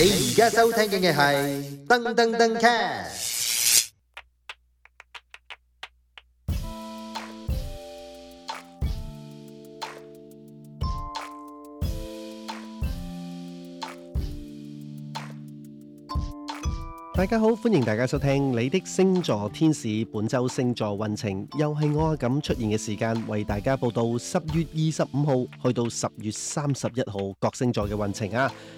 你而家收聽嘅係燈登登 cast。大家好，歡迎大家收聽你的星座天使本周星座運程，又係我咁出現嘅時間，為大家報道十月二十五號去到十月三十一號各星座嘅運程啊！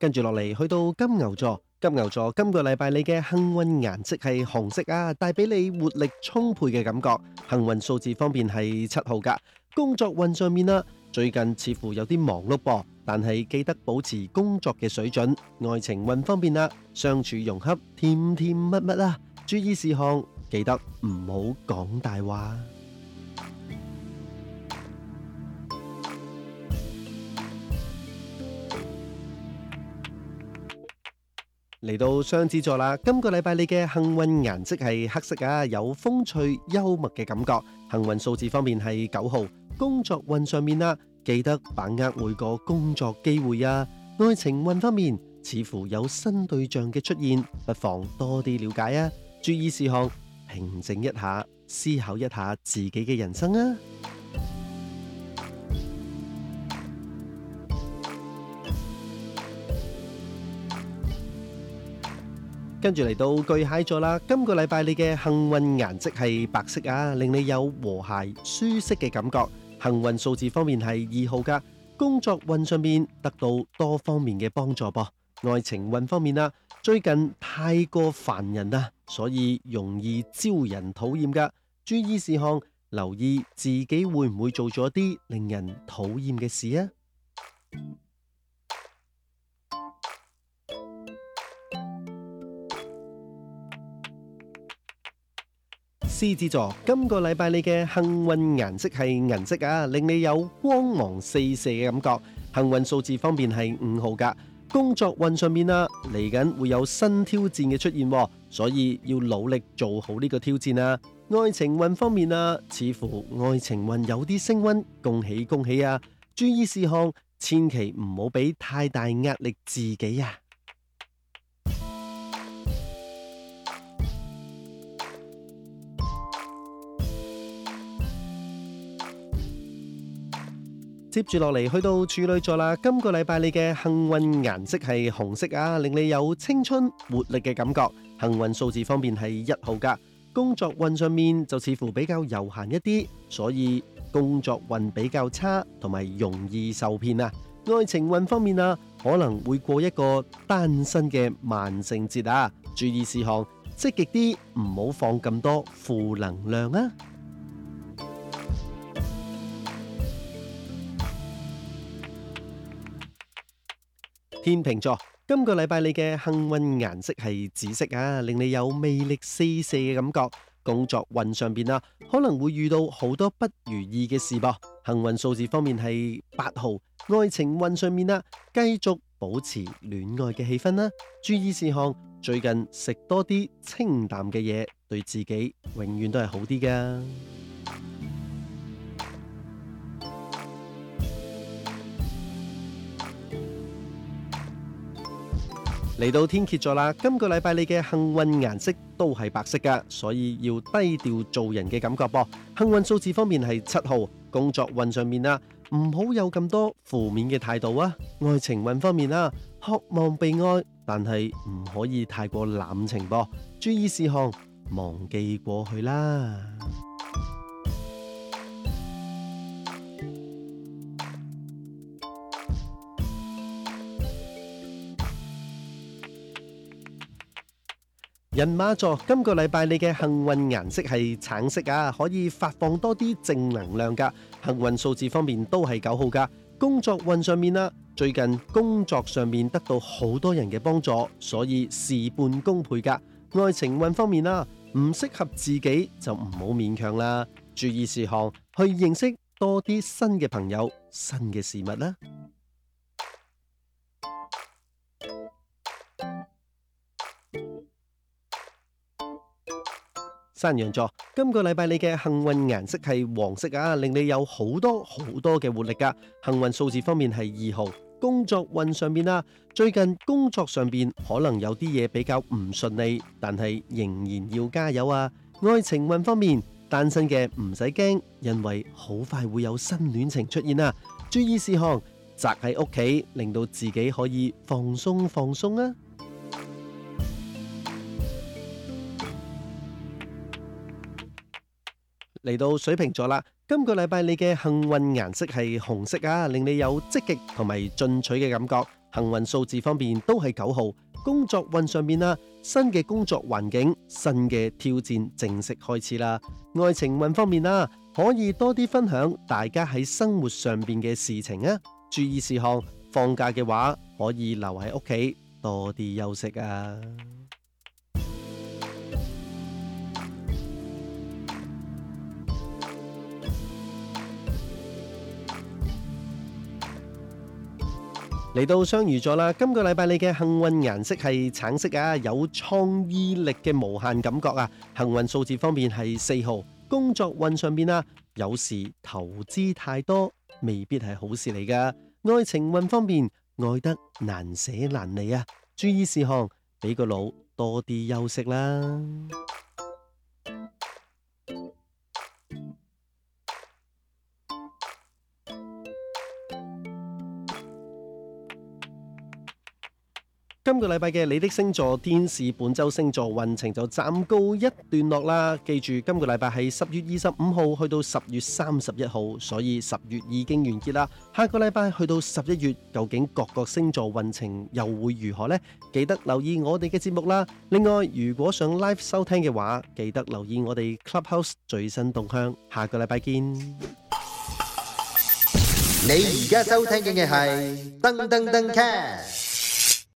跟住落嚟，去到金牛座，金牛座今個禮拜你嘅幸運顏色係紅色啊，帶俾你活力充沛嘅感覺。幸運數字方面係七號噶，工作運上面啦，最近似乎有啲忙碌噃，但係記得保持工作嘅水準。愛情運方面啦，相處融洽，甜甜蜜蜜啦。注意事項，記得唔好講大話。嚟到雙子座啦，今個禮拜你嘅幸運顏色係黑色啊，有風趣幽默嘅感覺。幸運數字方面係九號，工作運上面啊，記得把握每個工作機會啊。愛情運方面，似乎有新對象嘅出現，不妨多啲了解啊。注意事項，平靜一下，思考一下自己嘅人生啊。跟住嚟到巨蟹座啦，今個禮拜你嘅幸運顏色係白色啊，令你有和諧舒適嘅感覺。幸運數字方面係二號噶，工作運上面得到多方面嘅幫助噃。愛情運方面啊，最近太過煩人啊，所以容易招人討厭噶。注意事項，留意自己會唔會做咗啲令人討厭嘅事啊。獅子座，今個禮拜你嘅幸運顏色係銀色啊，令你有光芒四射嘅感覺。幸運數字方面係五號噶，工作運上面啊，嚟緊會有新挑戰嘅出現喎，所以要努力做好呢個挑戰啊。愛情運方面啊，似乎愛情運有啲升溫，恭喜恭喜啊！注意事項，千祈唔好俾太大壓力自己啊。接住落嚟，去到處女座啦。今個禮拜你嘅幸運顏色係紅色啊，令你有青春活力嘅感覺。幸運數字方面係一號噶。工作運上面就似乎比較悠閒一啲，所以工作運比較差，同埋容易受騙啊。愛情運方面啊，可能會過一個單身嘅萬聖節啊。注意事項，積極啲，唔好放咁多負能量啊。天秤座，今個禮拜你嘅幸運顏色係紫色啊，令你有魅力四射嘅感覺。工作運上邊啊，可能會遇到好多不如意嘅事噃。幸運數字方面係八號，愛情運上面啦，繼續保持戀愛嘅氣氛啦。注意事項，最近食多啲清淡嘅嘢，對自己永遠都係好啲噶。嚟到天蠍座啦，今個禮拜你嘅幸運顏色都係白色噶，所以要低調做人嘅感覺噃。幸運數字方面係七號，工作運上面啊，唔好有咁多負面嘅態度啊。愛情運方面啊，渴望被愛，但係唔可以太過濫情噃，注意事項，忘記過去啦。人馬座，今個禮拜你嘅幸運顏色係橙色啊，可以發放多啲正能量噶。幸運數字方面都係九號噶。工作運上面啦，最近工作上面得到好多人嘅幫助，所以事半功倍噶。愛情運方面啦，唔適合自己就唔好勉強啦。注意事項，去認識多啲新嘅朋友、新嘅事物啦。山羊座，今個禮拜你嘅幸運顏色係黃色啊，令你有好多好多嘅活力噶啊。幸運數字方面係二號。工作運上面啊，最近工作上邊可能有啲嘢比較唔順利，但係仍然要加油啊。愛情運方面，單身嘅唔使驚，因為好快會有新戀情出現啊。注意事項，宅喺屋企，令到自己可以放鬆放鬆啊。嚟到水瓶座啦，今個禮拜你嘅幸運顏色係紅色啊，令你有積極同埋進取嘅感覺。幸運數字方面都係九號。工作運上面啊，新嘅工作環境、新嘅挑戰正式開始啦。愛情運方面啊，可以多啲分享大家喺生活上邊嘅事情啊。注意事項，放假嘅話可以留喺屋企多啲休息啊。嚟到雙魚座啦！今個禮拜你嘅幸運顏色係橙色啊，有創意力嘅無限感覺啊！幸運數字方面係四號，工作運上邊啊，有時投資太多未必係好事嚟噶。愛情運方面，愛得難捨難離啊！注意事項，俾個腦多啲休息啦。今個禮拜嘅《你的星座天使》、本周星座運程就暫告一段落啦。記住，今個禮拜係十月二十五號去到十月三十一號，所以十月已經完結啦。下個禮拜去到十一月，究竟各個星座運程又會如何呢？記得留意我哋嘅節目啦。另外，如果想 live 收聽嘅話，記得留意我哋 Clubhouse 最新動向。下個禮拜見。你而家收聽嘅係噔噔噔 c